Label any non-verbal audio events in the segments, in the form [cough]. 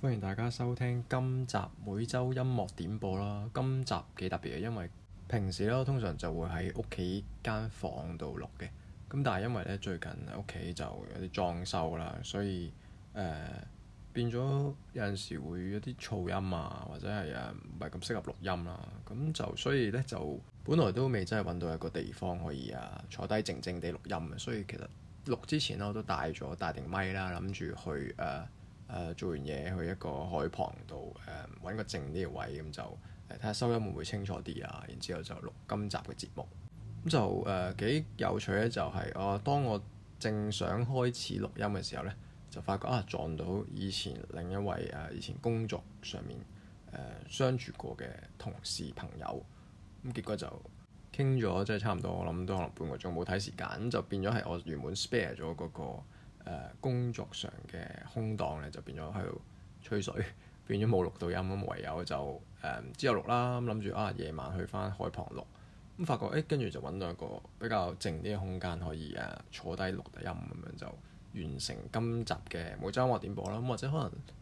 歡迎大家收聽今集每週音樂點播啦！今集幾特別嘅，因為平時咧通常就會喺屋企間房度錄嘅，咁但係因為咧最近屋企就有啲裝修啦，所以誒、呃、變咗有陣時會有啲噪音啊，或者係誒唔係咁適合錄音啦，咁就所以咧就本來都未真係揾到一個地方可以啊坐低靜靜地錄音，所以其實錄之前咧我都帶咗帶定咪啦，諗住去誒。呃誒、呃、做完嘢去一個海旁度，誒、呃、搵個靜啲嘅位，咁就誒睇下收音會唔會清楚啲啊？然之後就錄今集嘅節目咁就誒、呃、幾有趣咧、就是，就係我當我正想開始錄音嘅時候咧，就發覺啊撞到以前另一位啊，以前工作上面誒、呃、相處過嘅同事朋友咁，結果就傾咗即係差唔多，我諗都可能半個鐘，冇睇時間咁就變咗係我原本 spare 咗嗰、那個。呃、工作上嘅空檔咧，就變咗喺度吹水，變咗冇錄到音咁，唯有就誒、呃、之後錄啦咁，諗住啊夜晚去返海旁錄咁，發覺誒跟住就揾到一個比較靜啲嘅空間，可以誒、啊、坐低錄低音咁樣就完成今集嘅每周音樂點播啦。咁或者可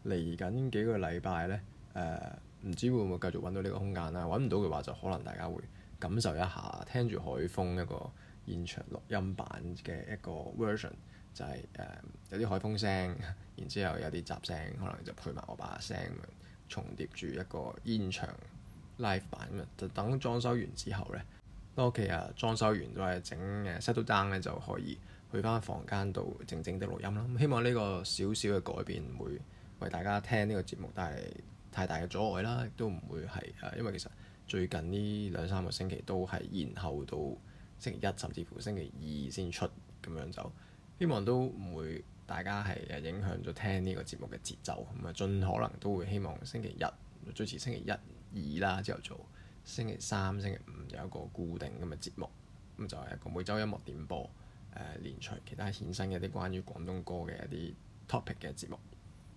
能嚟緊幾個禮拜呢，誒、呃，唔知會唔會繼續揾到呢個空間啦？揾唔到嘅話，就可能大家會感受一下聽住海風一個現場錄音版嘅一個 version。就係、是、誒、uh, 有啲海風聲，然之後有啲雜聲，可能就配埋我把聲，重疊住一個現場 live 版。咁就等裝修完之後咧，我屋企啊裝修完再整誒、uh, set to d o n 咧，就可以去翻房間度靜靜的錄音啦。希望呢個少少嘅改變會為大家聽呢個節目，帶嚟太大嘅阻礙啦，亦都唔會係誒，uh, 因為其實最近呢兩三個星期都係延後到星期一，甚至乎星期二先出咁樣就。希望都唔會大家係誒影響咗聽呢個節目嘅節奏，咁啊盡可能都會希望星期一最遲星期一二啦朝頭早，星期三、星期五有一個固定咁嘅節目，咁、嗯、就係、是、一個每周音樂點播誒、呃、連隨其他衍生嘅一啲關於廣東歌嘅一啲 topic 嘅節目。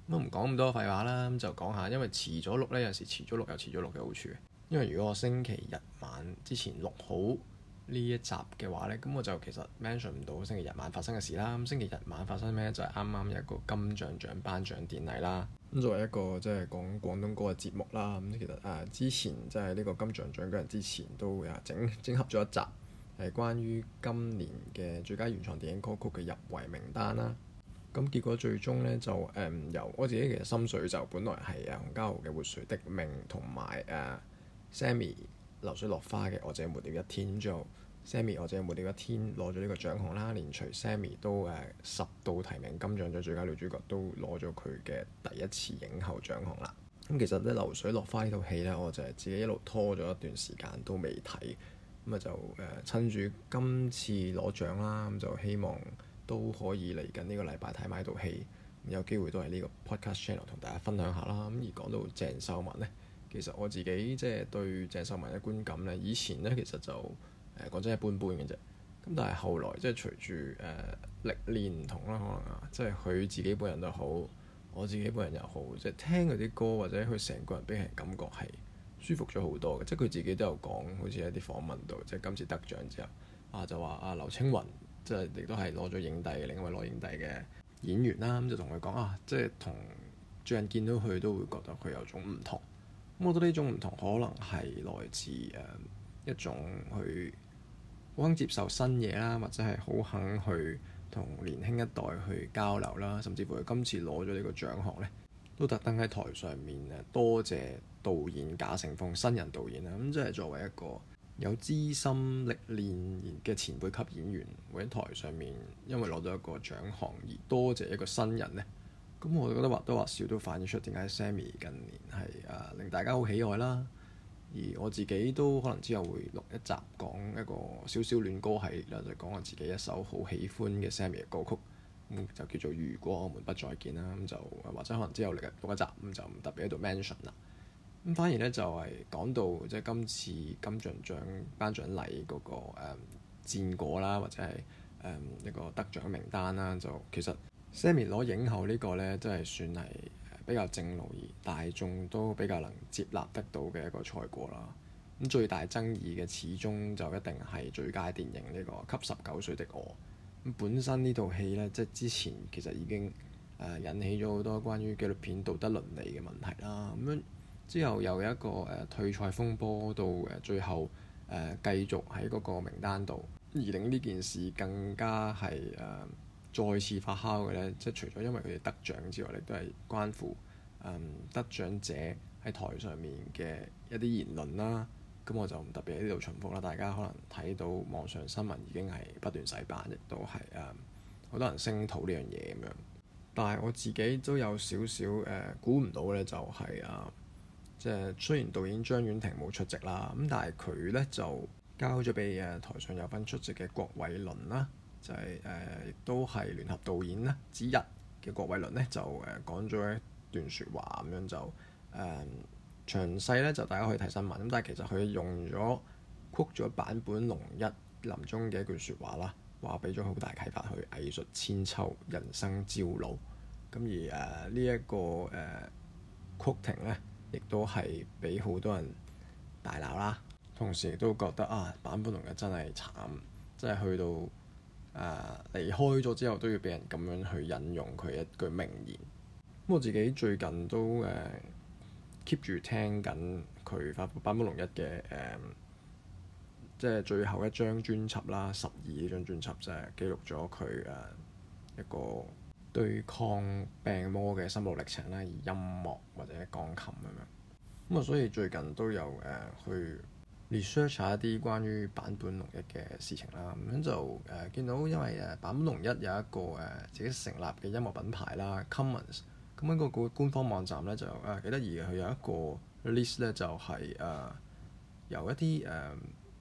咁唔講咁多廢話啦，咁就講下，因為遲咗錄呢，有時遲咗錄,有遲,錄有遲咗錄嘅好處，因為如果我星期日晚之前錄好。呢一集嘅話呢，咁我就其實 mention 唔到星期日晚發生嘅事啦。咁星期日晚發生咩？就係啱啱有一個金像獎頒獎典禮啦。咁作為一個即係講廣東歌嘅節目啦。咁其實誒、啊、之前即係呢個金像獎嗰日之前都會啊整整合咗一集係關於今年嘅最佳原創電影歌曲嘅入圍名單啦。咁結果最終呢，就誒由、嗯、我自己其實心水就本來係啊洪嘉豪嘅活水的命同埋誒 Sammi 流水落花嘅我只活了一天之 Sammi，我哋有冇呢個天攞咗呢個獎項啦？連除 Sammi 都誒十、呃、度提名金像獎最佳女主角，都攞咗佢嘅第一次影后獎項啦。咁、嗯、其實咧流水落花呢套戲咧，我就係自己一路拖咗一段時間都未睇，咁、嗯、啊就誒趁住今次攞獎啦，咁、嗯、就希望都可以嚟緊呢個禮拜睇埋呢套戲、嗯，有機會都係呢個 podcast channel 同大家分享下啦。咁、嗯、而講到鄭秀文咧，其實我自己即係、呃、對鄭秀文嘅觀感咧，以前咧其實就～誒，講真一般般嘅啫。咁但係後來，即係隨住誒、呃、歷練唔同啦，可能啊，即係佢自己本人都好，我自己本人又好，即係聽佢啲歌或者佢成個人俾人感覺係舒服咗好多嘅。即係佢自己都有講，好似一啲訪問到，即係今次得獎之後啊，就話阿、啊、劉青雲即係亦都係攞咗影帝，另一位攞影帝嘅演員啦。咁、啊、就同佢講啊，即係同最近見到佢都會覺得佢有種唔同。我覺得呢種唔同可能係來自誒、呃、一種佢，好肯接受新嘢啦，或者係好肯去同年輕一代去交流啦，甚至乎佢今次攞咗呢個獎項呢，都特登喺台上面誒，多謝導演賈勝楓、新人導演啦。咁即係作為一個有資深歷練嘅前輩級演員，喺台上面因為攞到一個獎項而多謝一個新人呢，咁我覺得或多或少都反映出點解 Sammi 近年係誒令大家好喜愛啦。而我自己都可能之後會錄一集講一個少少戀歌系列啦，就講我自己一首好喜歡嘅 Sammi 嘅歌曲，咁就叫做《如果我們不再見》啦。咁就或者可能之後嚟錄一集，咁就唔特別喺度 mention 啦。咁反而呢，就係、是、講到即係今次金像獎頒獎禮嗰、那個誒、呃、戰果啦，或者係誒一個得獎名單啦，就其實 Sammi 攞影后呢個呢，真係算係。比較正路而大眾都比較能接納得到嘅一個賽果啦。咁最大爭議嘅始終就一定係最佳電影呢、這個《給十九歲的我》。本身呢套戲呢，即係之前其實已經引起咗好多關於紀錄片道德倫理嘅問題啦。咁樣之後又有一個誒退賽風波到誒最後誒、呃、繼續喺嗰個名單度，而令呢件事更加係誒。呃再次發酵嘅呢，即係除咗因為佢哋得獎之外，呢都係關乎誒、嗯、得獎者喺台上面嘅一啲言論啦。咁我就唔特別喺呢度重複啦。大家可能睇到網上新聞已經係不斷洗版，亦都係誒好多人聲討呢樣嘢咁樣。但係我自己都有少少誒估唔到呢、就係，就係啊，即係雖然導演張婉婷冇出席啦，咁但係佢呢就交咗俾誒台上有份出席嘅郭偉倫啦。就係、是、亦、呃、都係聯合導演啦，之一嘅郭偉倫呢，就誒講咗一段説話，咁樣就誒、呃、詳細咧，就大家可以睇新聞咁。但係其實佢用咗曲咗坂本龍一臨終嘅一句説話啦，話俾咗好大啟發去藝術千秋，人生朝露。咁而誒呢一個誒曲庭咧，亦、呃、 [music] [music] 都係俾好多人大鬧啦，同時亦都覺得啊，坂本龍一真係慘，真係去到。誒、uh, 離開咗之後都要俾人咁樣去引用佢一句名言。咁我自己最近都誒、uh, keep 住聽緊佢發佈《坂本龍一》嘅誒，即、uh, 係最後一張專輯啦，十二呢張專輯就係記錄咗佢誒一個對抗病魔嘅心路歷程啦，以音樂或者鋼琴咁樣。咁啊，所以最近都有誒、uh, 去 research 下一啲關於坂本龍一嘅事情啦，咁樣就誒、呃、見到，因為誒坂本龍一有一個誒、呃、自己成立嘅音樂品牌啦，Commons。咁 Com 喺、那個個官方網站咧就啊幾得意嘅，佢、呃、有，有一個 list 咧就係、是、誒、呃、由一啲誒、呃、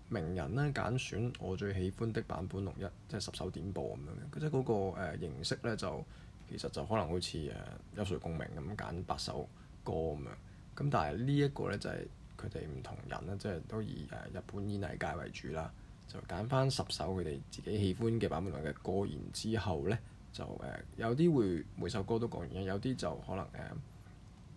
名人咧揀選，選我最喜歡的坂本龍一，即係十首點播咁樣。即係嗰個、呃、形式咧就其實就可能好似誒、呃、有誰共鳴咁揀八首歌咁樣。咁但係呢一個咧就係、是。佢哋唔同人咧，即係都以誒日本演藝界為主啦，就揀翻十首佢哋自己喜歡嘅坂本龍一嘅歌。然之後咧，就誒、呃、有啲會每首歌都講完，有啲就可能誒、呃、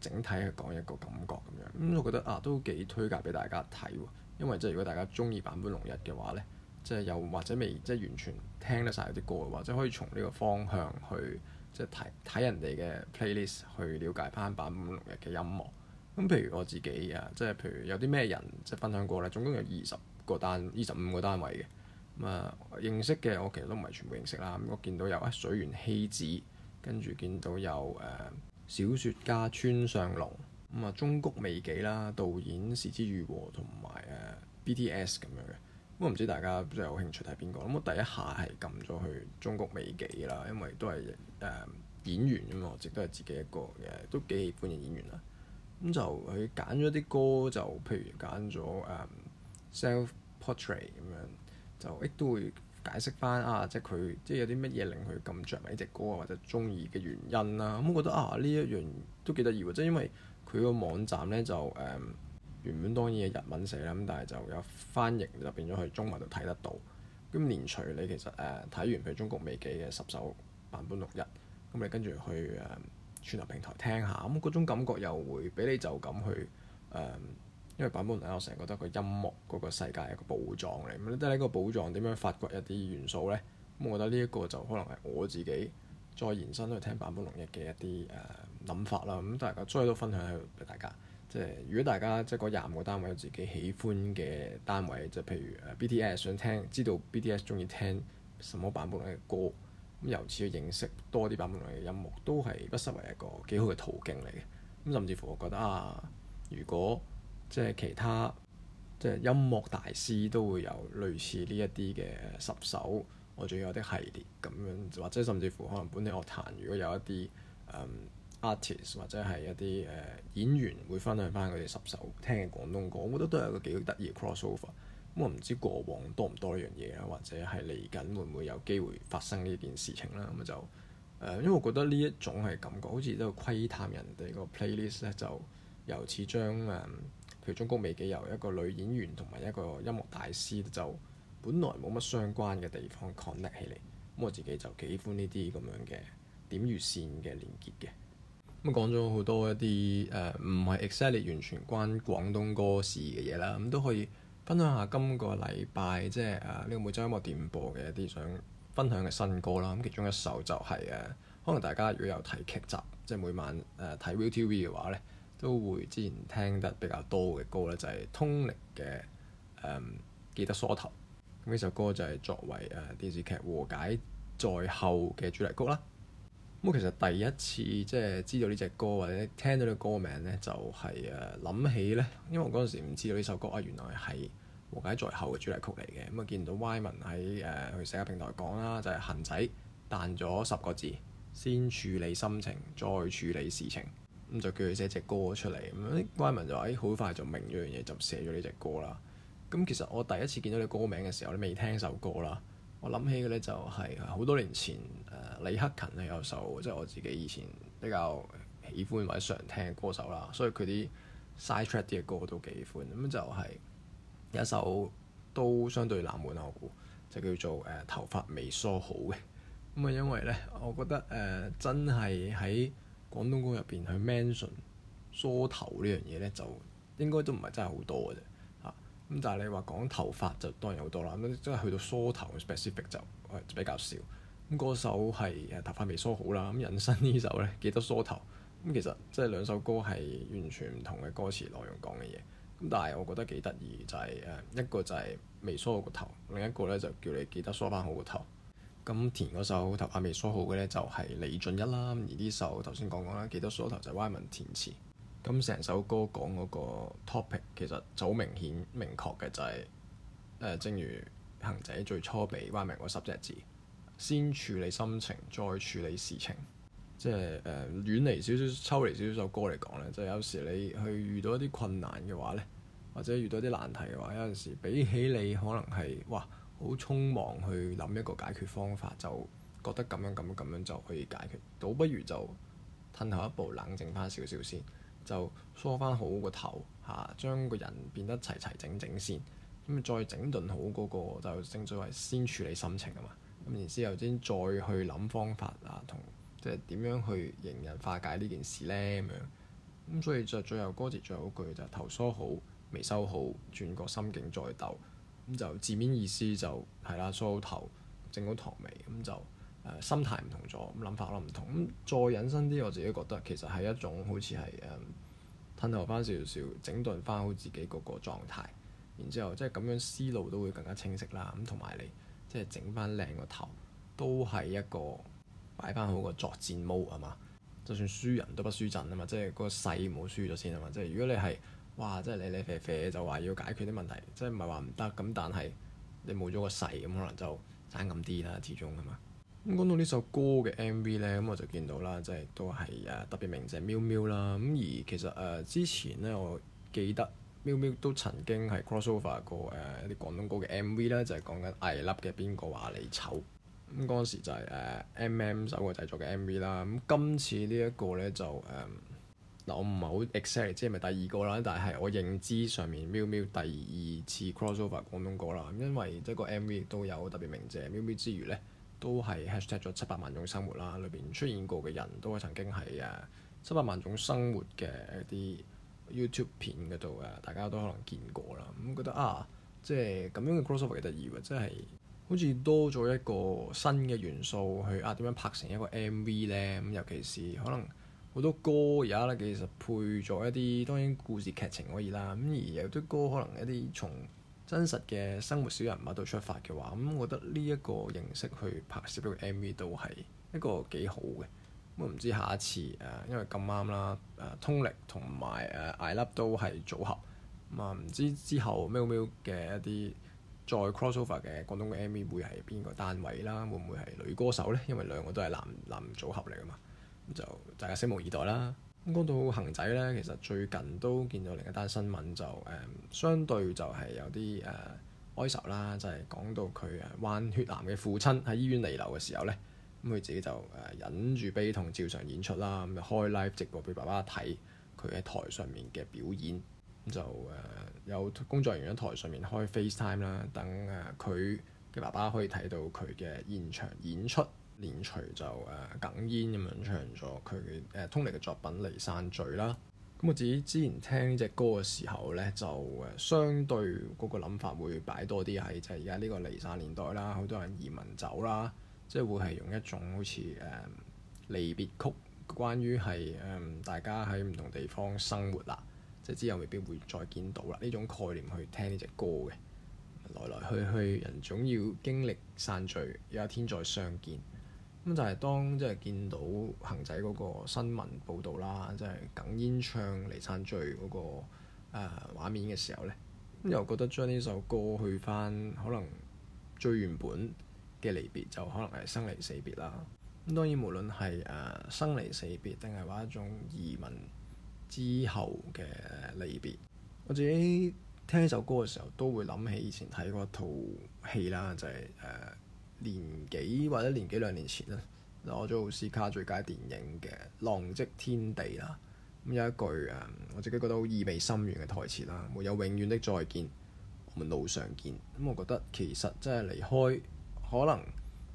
整體去講一個感覺咁樣。咁、嗯、我覺得啊，都幾推介俾大家睇喎，因為即係如果大家中意坂本龍一嘅話咧，即係又或者未即係完全聽得晒嗰啲歌的話，嘅或者可以從呢個方向去即係睇睇人哋嘅 playlist 去了解翻坂本龍一嘅音樂。咁，譬如我自己啊，即係譬如有啲咩人即係分享過咧，總共有二十個單、二十五個單位嘅咁啊。認識嘅我其實都唔係全部認識啦。咁、嗯、我見到有啊，水原希子，跟住見到有誒、呃、小說家村上龍咁啊，中谷美紀啦，導演是枝裕和同埋誒 B T S 咁樣嘅。咁我唔知大家比較有興趣睇邊個咁？我第一下係撳咗去中谷美紀啦，因為都係誒、呃、演員咁，我直都係自己一個嘅、嗯，都幾喜歡嘅演員啦。咁就佢揀咗啲歌，就譬如揀咗誒、um, self-portrait 咁樣，就亦都會解釋翻啊，即係佢即係有啲乜嘢令佢咁着迷呢隻歌啊，或者中意嘅原因啦、啊。咁我覺得啊，呢、啊、一樣都幾得意喎，即係因為佢個網站咧就誒、um, 原本當然係日文寫啦，咁但係就有翻譯，就變咗去中文度睇得到。咁連隨你其實誒睇、uh, 完佢中國未幾嘅十首坂本龍一，咁你跟住去誒。Um, 串流平台聽下，咁嗰種感覺又會俾你就咁去誒、嗯，因為坂本嚟，我成日覺得個音樂嗰、這個世界係一個寶藏嚟，咁你覺得呢一個寶藏，點樣發掘一啲元素咧？咁我覺得呢一個就可能係我自己再延伸去聽坂本龍一嘅一啲誒諗法啦。咁大家再都分享去度俾大家，即係如果大家即係嗰廿五個單位有自己喜歡嘅單位，即係譬如 BTS 想聽，知道 BTS 中意聽什麼坂本嘅歌。咁由此去認識多啲坂本龍一嘅音樂，都係不失為一個幾好嘅途徑嚟嘅。咁甚至乎我覺得啊，如果即係其他即係音樂大師都會有類似呢一啲嘅十首，我仲要有啲系列咁樣，或者甚至乎可能本地樂壇如果有一啲、嗯、artist 或者係一啲誒、呃、演員會分享返佢哋十首聽嘅廣東歌，我覺得都係一個幾得意嘅 crossover。我唔知過往多唔多樣嘢啊，或者係嚟緊會唔會有機會發生呢件事情啦。咁就誒、呃，因為我覺得呢一種係感覺，好似喺度窺探人哋個 playlist 咧，就由此將誒、嗯、譬如《中國未記》由一個女演員同埋一個音樂大師，就本來冇乜相關嘅地方 connect 起嚟。咁我自己就幾喜歡呢啲咁樣嘅點與線嘅連結嘅。咁講咗好多一啲誒唔係 exactly 完全關廣東歌事嘅嘢啦，咁都可以。分享下今個禮拜即係啊呢個每周音樂點播嘅一啲想分享嘅新歌啦，咁其中一首就係、是、誒、啊、可能大家如果有睇劇集，即係每晚誒睇、啊、ViuTV 嘅話咧，都會之前聽得比較多嘅歌咧，就係、是、ToNick 嘅誒記得梳頭，咁呢首歌就係作為誒、啊、電視劇和解在後嘅主題曲啦。咁其實第一次即係知道呢隻歌或者聽到呢個歌名呢，就係誒諗起呢。因為我嗰陣時唔知道呢首歌啊，原來係和解在後嘅主題曲嚟嘅。咁啊見到 Y 文喺誒佢社交平台講啦，就係、是、恆仔彈咗十個字先處理心情，再處理事情，咁就叫佢寫隻歌出嚟。咁 Y 文就話誒好快就明咗樣嘢，就寫咗呢隻歌啦。咁其實我第一次見到呢歌名嘅時候，你未聽首歌啦。我諗起嘅咧就係好多年前，誒、呃、李克勤係有首即係、就是、我自己以前比較喜歡或者常聽嘅歌手啦，所以佢啲 side track 啲嘅歌我都幾喜歡，咁就係一首都相對冷門啊，我估就叫做誒、呃、頭髮未梳好嘅，咁 [laughs] 啊因為咧我覺得誒、呃、真係喺廣東歌入邊去 mention 梳頭呢樣嘢咧，就應該都唔係真係好多嘅啫。咁但係你話講頭髮就當然好多啦，咁即係去到梳頭 specific 就比較少。咁嗰首係誒頭髮未梳好啦，咁人生首呢首咧記得梳頭。咁其實即係、就是、兩首歌係完全唔同嘅歌詞內容講嘅嘢。咁但係我覺得幾得意就係、是、誒一個就係未梳好個頭，另一個咧就叫你記得梳翻好個頭。咁填嗰首頭髮未梳好嘅咧就係、是、李峻一啦，而呢首頭先講講啦，記得梳頭就係歪文填詞。咁成首歌講嗰個 topic 其實就好明顯明確嘅、就是，就、呃、係正如恒仔最初俾 y 明嗰十隻字，先處理心情，再處理事情。即係誒、呃、遠離少少，抽離少少首歌嚟講咧，就係、是、有時你去遇到一啲困難嘅話咧，或者遇到啲難題嘅話，有陣時比起你可能係哇好匆忙去諗一個解決方法，就覺得咁樣咁樣咁樣就可以解決，倒不如就褪後一步，冷靜翻少少先。就梳翻好個頭嚇，將個人變得齊齊整整先，咁再整頓好嗰、那個就正所謂先處理心情啊嘛，咁然之後先再去諗方法啊，同即係點樣去迎刃化解呢件事咧咁樣。咁所以就最後歌詞最後一句就是、頭梳好，眉修好，轉個心境再鬥。咁就字面意思就係、是、啦，梳好頭，整好堂眉咁就。誒心態唔同咗，咁諗法可能唔同。咁再引申啲，我自己覺得其實係一種好似係誒吞吐翻少少，整頓翻好自己嗰個狀態。然之後即係咁樣思路都會更加清晰啦。咁同埋你即係、就是、整翻靚個頭，都係一個擺翻好個作戰模啊嘛。就算輸人都不輸陣啊嘛。即係、就是、個勢唔好輸咗先啊嘛。即係、就是、如果你係哇，即、就、係、是、你你肥肥」，就話要解決啲問題，即係唔係話唔得咁，但係你冇咗個勢咁，可能就爭咁啲啦。始終係嘛？咁講到呢首歌嘅 M V 呢，咁我就見到啦，即係都係誒特別鳴謝喵喵啦。咁而其實誒、呃、之前呢，我記得喵喵都曾經係 cross over 過誒一、呃、啲廣東歌嘅 M V 啦，就係講緊矮粒嘅邊個話你醜。咁嗰陣時就係誒 M M 首個製作嘅 M V 啦。咁今次呢一個呢，就誒嗱、呃，我唔係好 exactly，即係咪第二個啦，但係我認知上面喵喵第二次 cross over 廣東歌啦，因為即係個 M V 都有特別鳴謝喵喵之餘呢。都係 hash tag 咗七百萬種生活啦，裏邊出現過嘅人都曾經喺誒、啊、七百萬種生活嘅一啲 YouTube 片嗰度啊，大家都可能見過啦。咁、嗯、覺得啊，即係咁樣嘅 crossover 嘅得意，即係好似多咗一個新嘅元素去啊，點樣拍成一個 MV 呢？咁、嗯、尤其是可能好多歌而家咧，其實配咗一啲當然故事劇情可以啦。咁、嗯、而有啲歌可能一啲從真實嘅生活小人物度出發嘅話，咁我覺得呢一個形式去拍攝一個 MV 都係一個幾好嘅。咁唔知下一次誒、啊，因為咁啱啦，誒、啊、通力同埋誒 I Love 都係組合，咁啊唔知之後喵喵嘅一啲再 crossover 嘅廣東嘅 MV 會係邊個單位啦？會唔會係女歌手咧？因為兩個都係男男組合嚟噶嘛，咁就大家拭目以待啦。咁講到恒仔咧，其實最近都見到另一單新聞，就誒、嗯、相對就係有啲誒、呃、哀愁啦，就係、是、講到佢患血癌嘅父親喺醫院離世嘅時候咧，咁佢自己就誒、呃、忍住悲痛照常演出啦，咁開 live 直播畀爸爸睇佢喺台上面嘅表演，咁就誒、呃、有工作人員喺台上面開 FaceTime 啦，等誒佢嘅爸爸可以睇到佢嘅現場演出。連隨就誒哽、呃、咽咁樣唱咗佢誒通力嘅作品《離散序》啦。咁我自己之前聽呢隻歌嘅時候咧，就誒、呃、相對嗰個諗法會擺多啲喺就係而家呢個離散年代啦，好多人移民走啦，即係會係用一種好似誒、呃、離別曲，關於係誒、呃、大家喺唔同地方生活啦，即係之後未必會再見到啦呢種概念去聽呢隻歌嘅。來來去去人總要經歷散聚，有一天再相見。咁就係當即係見到恒仔嗰個新聞報導啦，即係哽咽唱離散序嗰個誒、呃、畫面嘅時候咧，又覺得將呢首歌去翻可能最原本嘅離別就可能係生離死別啦。咁當然無論係誒、呃、生離死別定係話一種移民之後嘅離別，我自己聽呢首歌嘅時候都會諗起以前睇過一套戲啦，就係、是、誒、呃年幾或者年幾兩年前啦，攞咗奧斯卡最佳電影嘅《浪跡天地》啦，咁有一句誒，我自己覺得好意味深遠嘅台詞啦，沒有永遠的再見，我們路上見。咁、嗯、我覺得其實即係離開，可能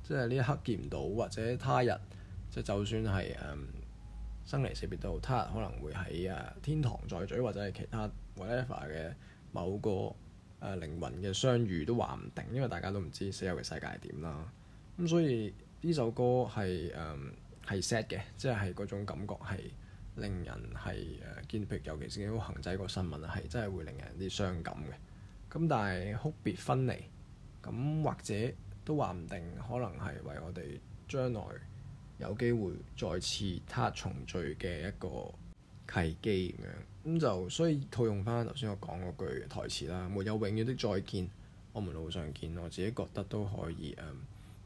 即係呢一刻見唔到，或者他日即、即係、就算係、嗯、生離死別都，他日可能會喺誒天堂再聚，或者係其他 whatever 嘅某個。呃、靈魂嘅相遇都話唔定，因為大家都唔知死後嘅世界係點啦。咁、嗯、所以呢首歌係誒係 sad 嘅，即係嗰種感覺係令人係誒堅特，尤其是見到恆仔個新聞係真係會令人啲傷感嘅。咁但係哭別分離，咁或者都話唔定，可能係為我哋將來有機會再次他重聚嘅一個契機咁樣。咁、嗯、就所以套用翻頭先我講嗰句台詞啦，沒有永遠的再見，我們路上見。我自己覺得都可以誒，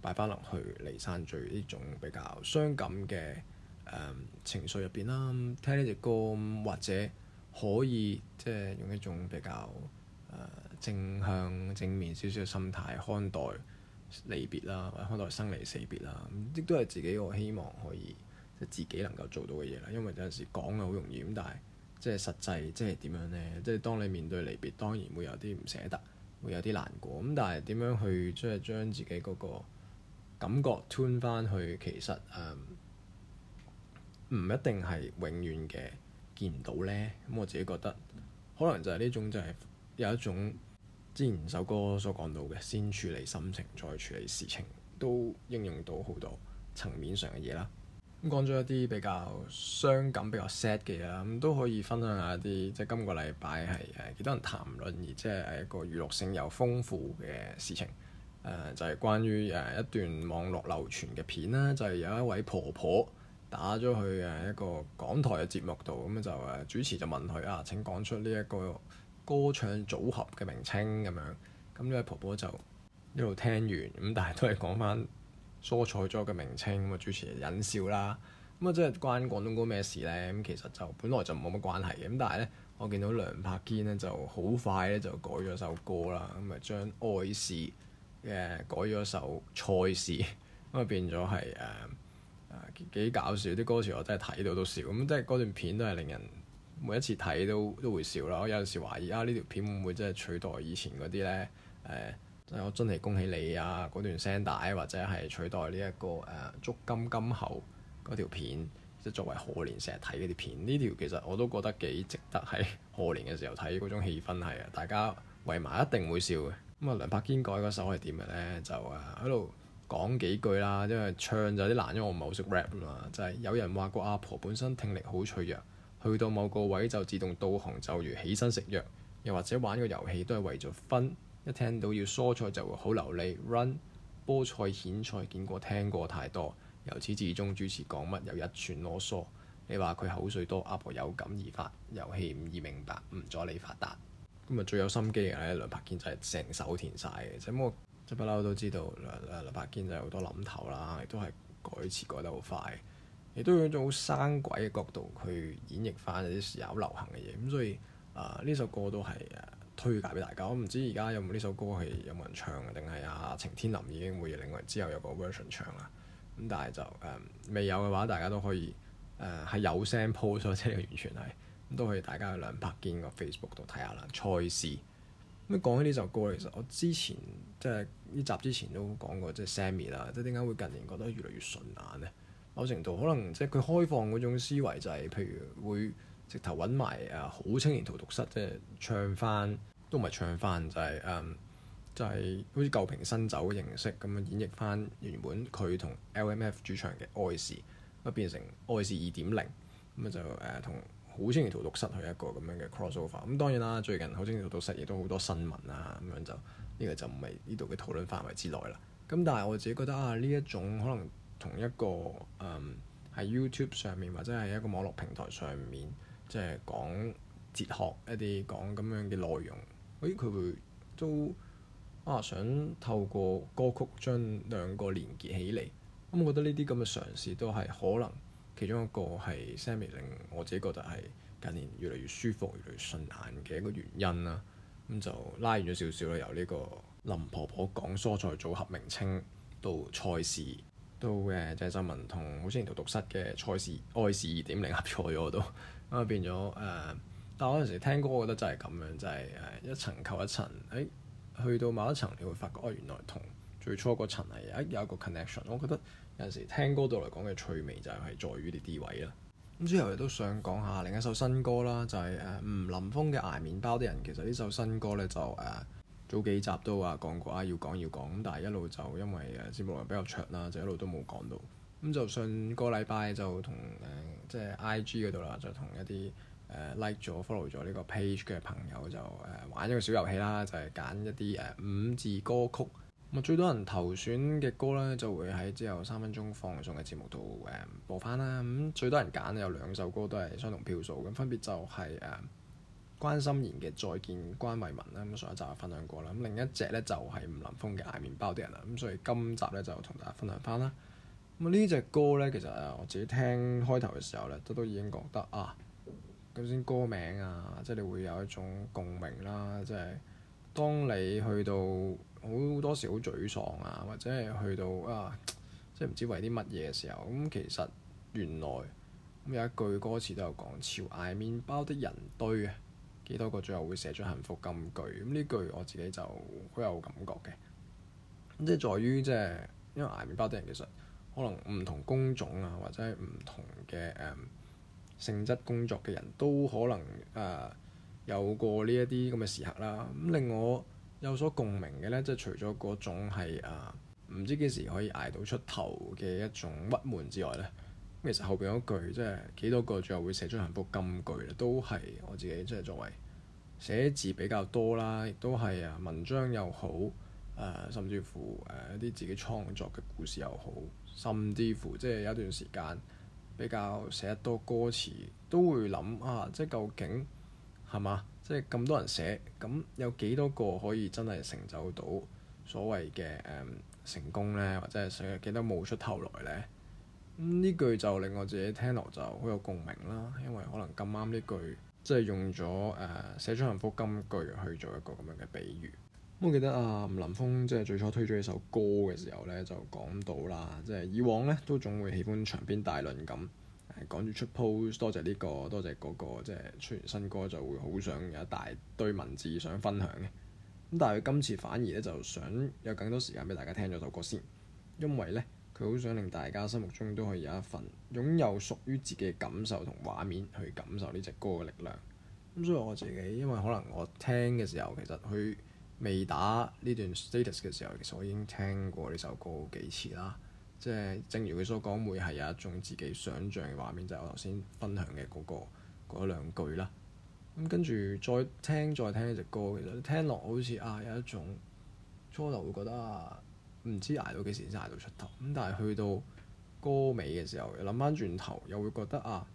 擺翻落去離散序呢種比較傷感嘅誒、嗯、情緒入邊啦。聽呢隻歌或者可以即係用一種比較誒、呃、正向正面少少嘅心態看待離別啦，或者看待生離死別啦。咁亦都係自己我希望可以即係自己能夠做到嘅嘢啦。因為有陣時講嘅好容易咁，但係即係實際，即係點樣呢？即係當你面對離別，當然會有啲唔捨得，會有啲難過。咁但係點樣去即係將自己嗰個感覺吞翻去？其實誒，嗯，唔一定係永遠嘅見唔到咧。咁我自己覺得，可能就係呢種就係有一種之前首歌所講到嘅，先處理心情，再處理事情，都應用到好多層面上嘅嘢啦。咁講咗一啲比較傷感、比較 sad 嘅嘢啦，咁都可以分享下一啲即係今個禮拜係誒幾多人談論而即係一個娛樂性又豐富嘅事情。誒、呃、就係、是、關於誒一段網絡流傳嘅片啦，就係、是、有一位婆婆打咗去誒一個港台嘅節目度，咁就誒主持就問佢啊：請講出呢一個歌唱組合嘅名稱咁樣。咁呢位婆婆就一路聽完，咁但係都係講翻。蔬菜組嘅名稱，咁啊主持人忍笑啦，咁啊即係關廣東歌咩事咧？咁其實就本來就冇乜關係嘅，咁但係咧，我見到梁栢堅咧就好快咧就改咗首歌啦，咁啊將「愛是」誒改咗首「菜是」，咁啊變咗係誒誒幾搞笑啲歌詞，我真係睇到都笑，咁即係嗰段片都係令人每一次睇都都會笑啦。我有陣時懷疑啊呢條片會唔會真係取代以前嗰啲咧誒？呃我真係恭喜你啊！嗰段聲帶或者係取代呢、這、一個誒足金金喉嗰條片，即係作為賀年成日睇嗰啲片呢條，其實我都覺得幾值得喺賀年嘅時候睇嗰種氣氛係啊，大家圍埋一,一定會笑嘅。咁啊，梁栢堅改嗰首係點嘅呢？就啊喺度講幾句啦，因為唱就有啲難，因為我唔係好識 rap 嘛。就係、是、有人話個阿婆本身聽力好脆弱，去到某個位就自動導航，就如起身食藥，又或者玩個遊戲都係為咗分。一聽到要蔬菜就會好流利，run 菠菜、顯菜見過聽過太多，由始至終主持講乜又一串囉嗦，你話佢口水多，阿婆有感而發，遊戲唔易明白，唔阻你發達。咁啊最有心機嘅呢梁栢堅，就係成首填晒嘅。咁我即不嬲都知道梁栢堅就有好多諗頭啦，亦都係改詞改得好快，亦都用一種好生鬼嘅角度去演繹翻有啲時候流行嘅嘢。咁所以啊呢、呃、首歌都係啊～推介俾大家，我唔知而家有冇呢首歌係有冇人唱嘅，定係啊晴天林已經會另外之後有個 version 唱啦。咁但係就誒、嗯、未有嘅話，大家都可以誒係、嗯、有聲 post 咗，即係完全係都可以，大家去兩百見個 Facebook 度睇下啦。賽事咁講起呢首歌，其實我之前即係呢集之前都講過，即係 Sammi 啦，即係點解會近年會覺得越嚟越順眼呢？某程度可能即係佢開放嗰種思維、就係，就係譬如會直頭揾埋啊好青年荼毒室即係唱翻。都唔係唱翻，就係、是、誒、嗯，就係、是、好似舊瓶新酒嘅形式咁樣演繹翻原本佢同 L.M.F 主唱嘅愛士，咁啊變成愛士二點零咁啊就誒同好青年荼毒室去一個咁樣嘅 crossover。咁、嗯、當然啦，最近好青年荼毒室亦都好多新聞啊，咁樣就呢、這個就唔係呢度嘅討論範圍之內啦。咁、嗯、但係我自己覺得啊，呢一種可能同一個誒喺、嗯、YouTube 上面或者係一個網絡平台上面，即、就、係、是、講哲學一啲講咁樣嘅內容。咦佢、欸、會都啊想透過歌曲將兩個連結起嚟，咁、嗯、我覺得呢啲咁嘅嘗試都係可能其中一個係 Sammi 令我自己覺得係近年越嚟越舒服、越嚟越順眼嘅一個原因啦。咁、嗯、就拉遠咗少少啦，由呢個林婆婆講蔬菜組合名稱到賽事，到誒鄭秀文同好星年前讀室嘅賽事愛事二點零合錯咗都，咁、嗯、啊變咗誒。呃但係我有時聽歌，我覺得就係咁樣，就係、是、誒一層扣一層，誒、哎、去到某一層，你會發覺哦、哎，原來同最初嗰層係有一個 connection。我覺得有陣時聽歌度嚟講嘅趣味就係在於呢啲位啦。咁、嗯、之後亦都想講下另一首新歌啦，就係、是、誒、啊、吳林峰嘅捱麵包啲人。其實呢首新歌咧就誒早、啊、幾集都話講過啊，要講要講，咁但係一路就因為誒節目比較長啦，就一路都冇講到。咁就上個禮拜就同誒即係 IG 嗰度啦，就同、是、一啲。誒 like 咗 follow 咗呢個 page 嘅朋友就誒、呃、玩一個小遊戲啦，就係、是、揀一啲誒、呃、五字歌曲咁最多人投選嘅歌咧，就會喺之後三分鐘放送嘅節目度誒、呃、播翻啦。咁、嗯、最多人揀有兩首歌都係相同票數咁，分別就係、是、誒、呃、關心妍嘅《再見關惠文》啦，咁、嗯、上一集分享過啦。咁、嗯、另一隻咧就係、是、吳林峰嘅《捱麵包啲人》啦、嗯，咁所以今集咧就同大家分享翻啦。咁、嗯、啊呢隻歌咧，其實誒我自己聽開頭嘅時候咧，都都已經覺得啊～咁先歌名啊，即係你會有一種共鳴啦。即係當你去到好多時好沮喪啊，或者係去到啊，即係唔知為啲乜嘢嘅時候，咁其實原來咁有一句歌詞都有講：潮捱麵包的人堆啊，幾多個，最後會寫出幸福金句。咁呢句我自己就好有感覺嘅。即係在於即係，因為捱麵包啲人其實可能唔同工種啊，或者係唔同嘅誒。嗯性質工作嘅人都可能誒、呃、有過呢一啲咁嘅時刻啦，咁令我有所共鳴嘅呢，即係除咗嗰種係唔、呃、知幾時可以捱到出頭嘅一種鬱悶之外呢，其實後邊嗰句即係幾多個最後會寫出幸福金句咧，都係我自己即係作為寫字比較多啦，亦都係啊文章又好誒、呃，甚至乎誒一啲自己創作嘅故事又好，甚至乎即係有一段時間。比較寫得多歌詞，都會諗啊，即係究竟係嘛？即係咁多人寫，咁有幾多個可以真係成就到所謂嘅誒、嗯、成功咧，或者係寫幾多冒出頭來咧？呢、嗯、句就令我自己聽落就好有共鳴啦，因為可能咁啱呢句即係用咗誒、呃、寫咗幸福金句去做一個咁樣嘅比喻。我記得啊，吳林峰即係最初推出一首歌嘅時候咧，就講到啦，即係以往咧都總會喜歡長篇大論咁誒講住出 post，多謝呢個，多謝嗰個，即係出完新歌就會好想有一大堆文字想分享嘅。咁但係佢今次反而咧就想有更多時間俾大家聽咗首歌先，因為咧佢好想令大家心目中都可以有一份擁有屬於自己嘅感受同畫面去感受呢隻歌嘅力量。咁所以我自己因為可能我聽嘅時候其實佢未打呢段 status 嘅時候，其實我已經聽過呢首歌幾次啦。即係正如佢所講，會係有一種自己想像嘅畫面，就係、是、我頭先分享嘅嗰、那個嗰兩句啦。咁、嗯、跟住再聽再聽呢隻歌，其實聽落好似啊有一種初頭會覺得啊，唔知捱到幾時先捱到出頭。咁、嗯、但係去到歌尾嘅時候，諗翻轉頭又會覺得啊，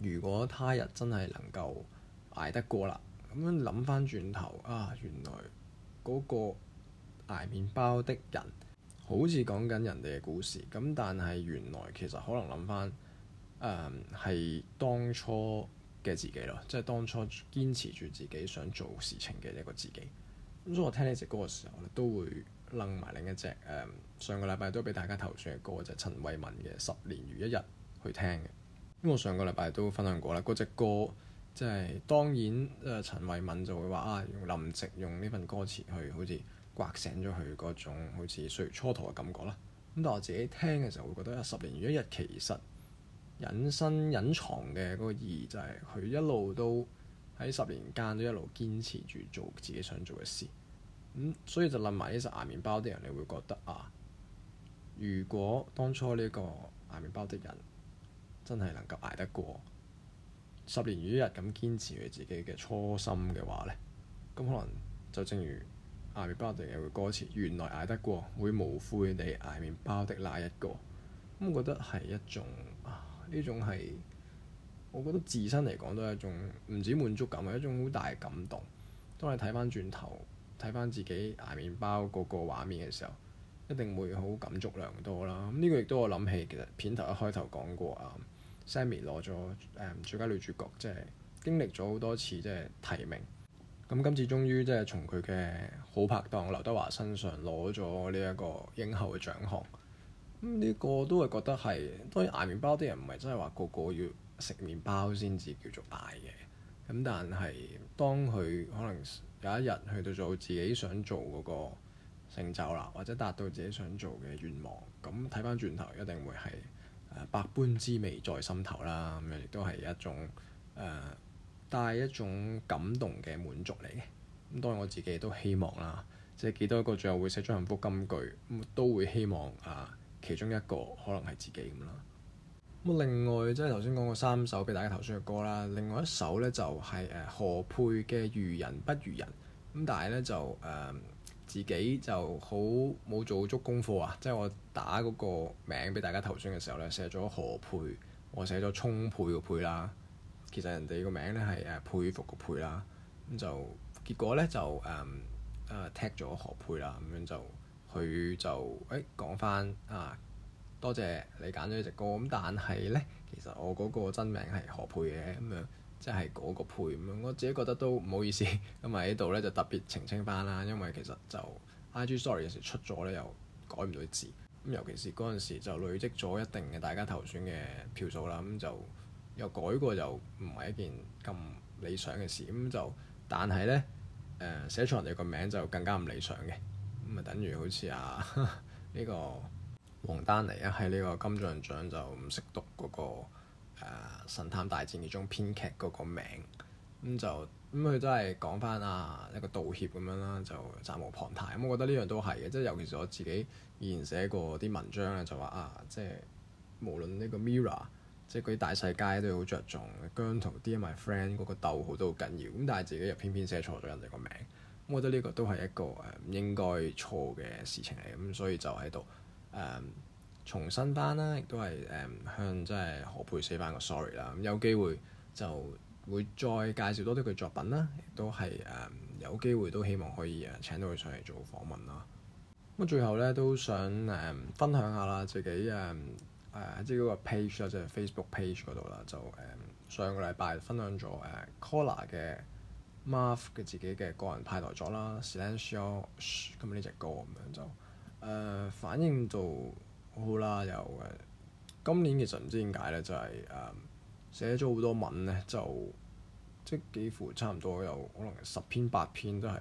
如果他日真係能夠捱得過啦，咁樣諗翻轉頭啊原來～嗰個捱麵包的人，好似講緊人哋嘅故事，咁但係原來其實可能諗翻，誒、嗯、係當初嘅自己咯，即係當初堅持住自己想做事情嘅一個自己。咁所以我聽呢隻歌嘅時候咧，都會擰埋另一隻誒、嗯，上個禮拜都俾大家投選嘅歌就係、陳慧敏嘅《十年如一日》去聽嘅。咁我上個禮拜都分享過啦，嗰隻歌。即係當然，誒、呃、陳慧敏就會話啊，用林夕用呢份歌詞去好似刮醒咗佢嗰種好似歲月蹉跎嘅感覺啦。咁但我自己聽嘅時候會覺得啊，十年如一日其實隱身隱藏嘅嗰個意義就係、是、佢一路都喺十年間都一路堅持住做自己想做嘅事。咁、嗯、所以就諗埋呢隻捱麵包啲人，你會覺得啊，如果當初呢個捱麵包的人真係能夠捱得過，十年如一日咁堅持佢自己嘅初心嘅話咧，咁可能就正如《捱麵包》嘅嘅歌詞，原來捱得過，會無悔哋捱麵包的那一個。咁我覺得係一種，呢種係，我覺得自身嚟講都係一種唔止滿足感，係一種好大嘅感動。當你睇翻轉頭，睇翻自己捱麵包嗰個畫面嘅時候，一定會好感觸良多啦。咁呢個亦都我諗起，其實片頭一開頭講過啊。Sammi 攞咗誒最佳女主角，即係經歷咗好多次即係提名，咁今次終於即係從佢嘅好拍檔劉德華身上攞咗呢一個影后嘅獎項。咁呢個都係覺得係，當然捱麵包啲人唔係真係話個個要食麵包先至叫做捱嘅。咁但係當佢可能有一日去到做自己想做嗰個成就啦，或者達到自己想做嘅願望，咁睇翻轉頭一定會係。百般滋味在心頭啦，咁樣亦都係一種誒、呃、帶一種感動嘅滿足嚟嘅。咁當然我自己都希望啦，即係幾多個最後會寫出幸福金句，咁都會希望啊、呃、其中一個可能係自己咁啦。咁另外即係頭先講過三首俾大家投選嘅歌啦，另外一首咧就係誒何佩嘅《愚人不如人》，咁但係咧就誒。呃自己就好冇做足功課啊！即係我打嗰個名俾大家投選嘅時候咧，寫咗何佩，我寫咗充沛個佩啦。其實人哋個名咧係誒佩服個佩啦。咁就結果咧就誒誒、嗯呃、踢咗何佩啦。咁樣就佢就誒講返啊，多謝你揀咗呢隻歌。咁但係咧，其實我嗰個真名係何佩嘅咁樣。即係嗰個配，咁我自己覺得都唔好意思咁，喺度咧，就特別澄清翻啦。因為其實就 IG Story 有時出咗咧，又改唔到字。咁尤其是嗰陣時就累積咗一定嘅大家投選嘅票數啦，咁就又改過就唔係一件咁理想嘅事。咁就但係咧誒寫錯人哋個名就更加唔理想嘅，咁咪等於好似啊呢、呢個王丹妮啊喺呢個金像獎就唔識讀嗰、嗰個。誒、啊《神探大戰》其中編劇嗰個名，咁、嗯、就咁佢都係講返啊一個道歉咁樣啦，就責無旁貸。咁、嗯、我覺得呢樣都係嘅，即係尤其是我自己以前寫過啲文章咧，就話啊，即係無論呢個 Mirror，即係嗰啲大細楷都好着重，姜濤 Dear My Friend 嗰個逗號都好緊要。咁、嗯、但係自己又偏偏寫錯咗人哋個名，咁、嗯、我覺得呢個都係一個誒唔、嗯、應該錯嘅事情嚟。咁所以就喺度誒。嗯重新翻、嗯、啦，亦都係誒向即係何佩斯翻個 sorry 啦。咁有機會就會再介紹多啲佢作品啦，亦都係誒有機會都希望可以誒請到佢上嚟做訪問啦。咁最後咧都想誒、嗯、分享下啦、嗯啊，自己誒誒即係嗰個 page 啦，即係 Facebook page 嗰度啦，就誒、嗯、上個禮拜分享咗誒、啊、Koala 嘅 Muff 嘅自己嘅個人派台咗啦，Sil《Silencio…Shh》咁樣呢隻歌咁樣就誒反應就～、呃好啦，又誒，今年其實唔知點解咧，就係、是、誒、呃、寫咗好多文咧，就即係幾乎差唔多有可能十篇八篇都係誒、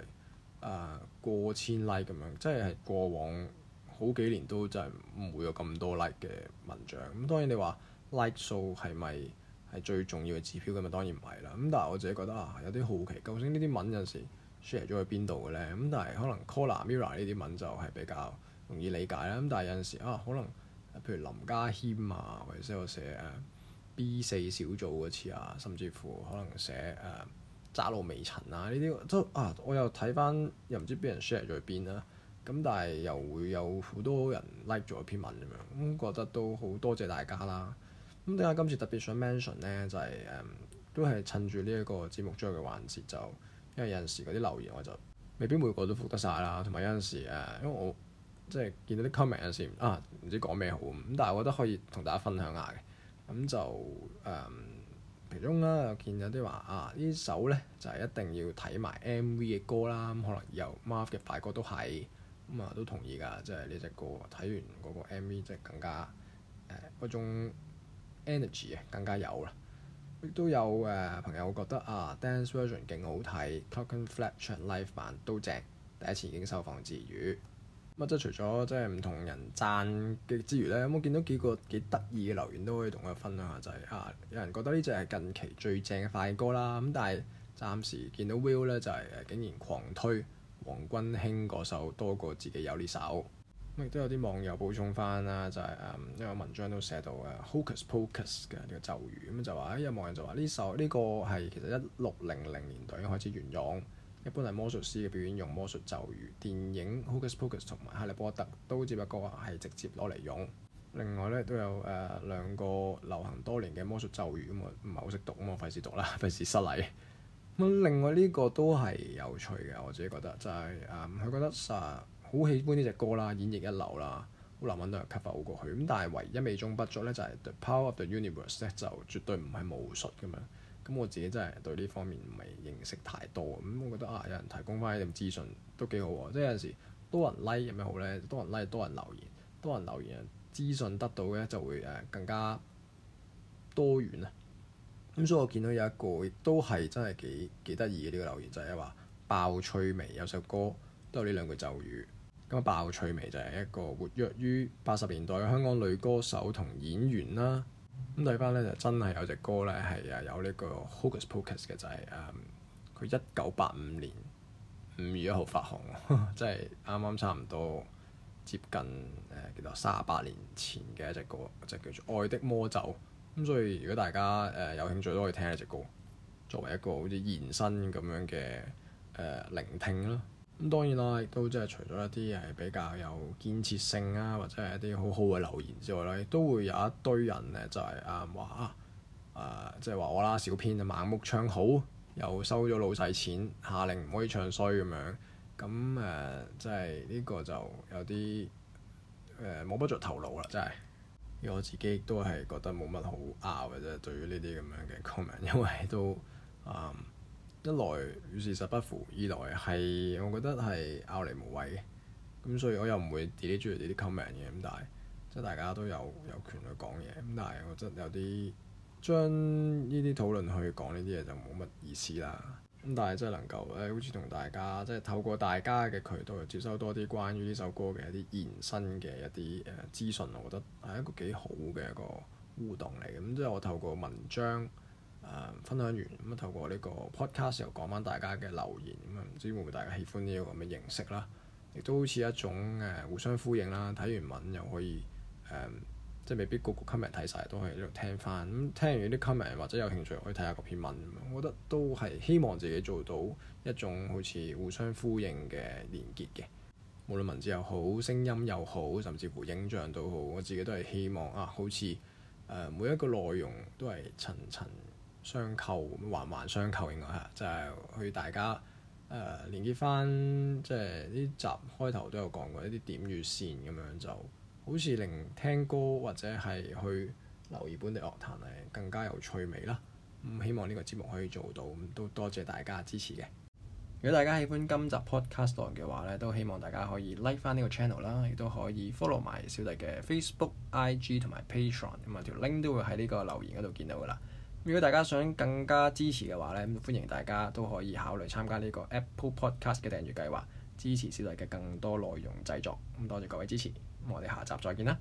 呃、過千 like 咁樣，即係係過往好幾年都真係唔會有咁多 like 嘅文章。咁當然你話 like 數係咪係最重要嘅指標咁？咪當然唔係啦。咁但係我自己覺得啊，有啲好奇，究竟呢啲文有時 share 咗去邊度嘅咧？咁但係可能 Collar、MIRROR 呢啲文就係比較，容易理解啦。咁但係有陣時啊，可能譬如林家謙啊，或者我寫誒 B 四小組嗰次啊，甚至乎可能寫誒、呃、渣落微塵啊呢啲都啊。我又睇翻又唔知俾人 share 咗去邊啦。咁但係又會有好多人 like 咗一篇文咁樣，咁覺得都好多謝大家啦。咁點解今次特別想 mention 咧？就係、是、誒、呃、都係趁住呢一個節目最後嘅環節就，就因為有陣時嗰啲留言我就未必每個都覆得晒啦，同埋有陣時誒，因為我。即係見到啲 comment 先啊，唔知講咩好咁，但係我覺得可以同大家分享下嘅咁、嗯、就誒，其中啦，咧見有啲話啊，呢首咧就係、是、一定要睇埋 M.V. 嘅歌啦，咁、嗯、可能由 Mar 嘅快歌都係咁、嗯、啊，都同意㗎，就是、v，即係呢隻歌睇完嗰個 M.V. 即係更加誒嗰、呃、種 energy 啊，更加有啦。亦都有誒、呃、朋友覺得啊，dance version 勁好睇 Clockenflap live 版都正，第一次已經收放自如。咁即係除咗即係唔同人贊嘅之餘咧，咁我見到幾個幾得意嘅留言都可以同佢分享下，就係啊，有人覺得呢隻係近期最正嘅快歌啦。咁但係暫時見到 Will 咧就係誒，竟然狂推黃君興嗰首多過自己有呢首。咁亦都有啲網友補充翻啦，就係誒，因為文章都寫到誒 Hocus Pocus 嘅呢個咒語，咁就話誒，有網友就話呢首呢個係其實一六零零年代開始沿用。一般係魔術師嘅表演用魔術咒語，電影《Hocus Pocus》同埋《哈利波特》都只不過係直接攞嚟用。另外咧都有誒、呃、兩個流行多年嘅魔術咒語咁啊，唔係好識讀，咁、嗯、我費事讀啦，費、嗯、事失禮。咁、嗯、另外呢個都係有趣嘅，我自己覺得就係、是、誒，佢、嗯、覺得好、啊、喜歡呢隻歌啦，演繹一流啦，好難揾到人 cover 好過佢。咁但係唯一美中不足咧，就係、是《The Power of the Universe》咧就絕對唔係巫術咁樣。咁、嗯、我自己真係對呢方面唔係認識太多，咁、嗯、我覺得啊，有人提供翻啲資訊都幾好喎。即係有陣時多人 like 有咩好咧？多人 like 多人留言，多人留言資訊得到嘅就會誒、啊、更加多元啊。咁、嗯、所以我見到有一個亦都係真係幾幾得意嘅呢個留言，就係、是、話鮑翠薇有首歌都有呢兩句咒語。咁、嗯、鮑翠薇就係一個活躍於八十年代香港女歌手同演員啦。咁對翻咧，就真係有隻歌咧，係啊有呢個 Hocus Pocus 嘅，就係誒佢一九八五年五月一號發行，即係啱啱差唔多接近誒叫做三十八年前嘅一隻歌，就係、叫做《愛的魔咒》。咁所以如果大家誒、呃、有興趣都可以聽呢隻歌，作為一個好似延伸咁樣嘅誒、呃、聆聽咯。咁當然啦，亦都即係除咗一啲係比較有建設性啊，或者係一啲好好嘅留言之外咧，都會有一堆人咧就係啊話啊，即係話我啦小編就盲目唱好，又收咗老細錢，下令唔可以唱衰咁樣，咁誒即係呢個就有啲誒摸不著頭腦啦，真係。我自己都係覺得冇乜好拗嘅啫，對於呢啲咁樣嘅 comment，因為都誒。嗯一來與事實不符，二來係我覺得係拗嚟無謂嘅，咁所以我又唔會 delete 住呢啲 comment 嘅。咁但係即係大家都有有權去講嘢，咁但係我覺得有啲將呢啲討論去講呢啲嘢就冇乜意思啦。咁但係真係能夠咧，好似同大家即係透過大家嘅渠道嚟接收多啲關於呢首歌嘅一啲延伸嘅一啲誒資訊，我覺得係一個幾好嘅一個互動嚟嘅。咁即係我透過文章，分享完咁啊，透過呢個 podcast 又講翻大家嘅留言咁啊，唔知會唔會大家喜歡呢個咁嘅形式啦？亦都好似一種誒、呃、互相呼應啦。睇完文又可以、呃、即係未必個個 comment 睇晒都可以喺度聽翻。咁、嗯、聽完啲 comment 或者有興趣可以睇下嗰篇文咁。我覺得都係希望自己做到一種好似互相呼應嘅連結嘅，無論文字又好，聲音又好，甚至乎影像都好。我自己都係希望啊，好似、呃、每一個內容都係層層相扣，環環相扣，應該係就係、是、去大家誒、呃、連結翻，即係呢集開頭都有講過一啲點與線咁樣，就好似令聽歌或者係去留意本地樂壇係更加有趣味啦。咁、嗯、希望呢個節目可以做到，咁都多謝大家支持嘅。如果大家喜歡今集 podcast 嘅話咧，都希望大家可以 like 翻呢個 channel 啦，亦都可以 follow 埋小弟嘅 Facebook、IG 同埋 Patreon，咁啊條 link 都會喺呢個留言嗰度見到㗎喇。如果大家想更加支持嘅話咧，歡迎大家都可以考慮參加呢個 Apple Podcast 嘅訂閱計劃，支持小弟嘅更多內容製作。咁多謝各位支持，我哋下集再見啦。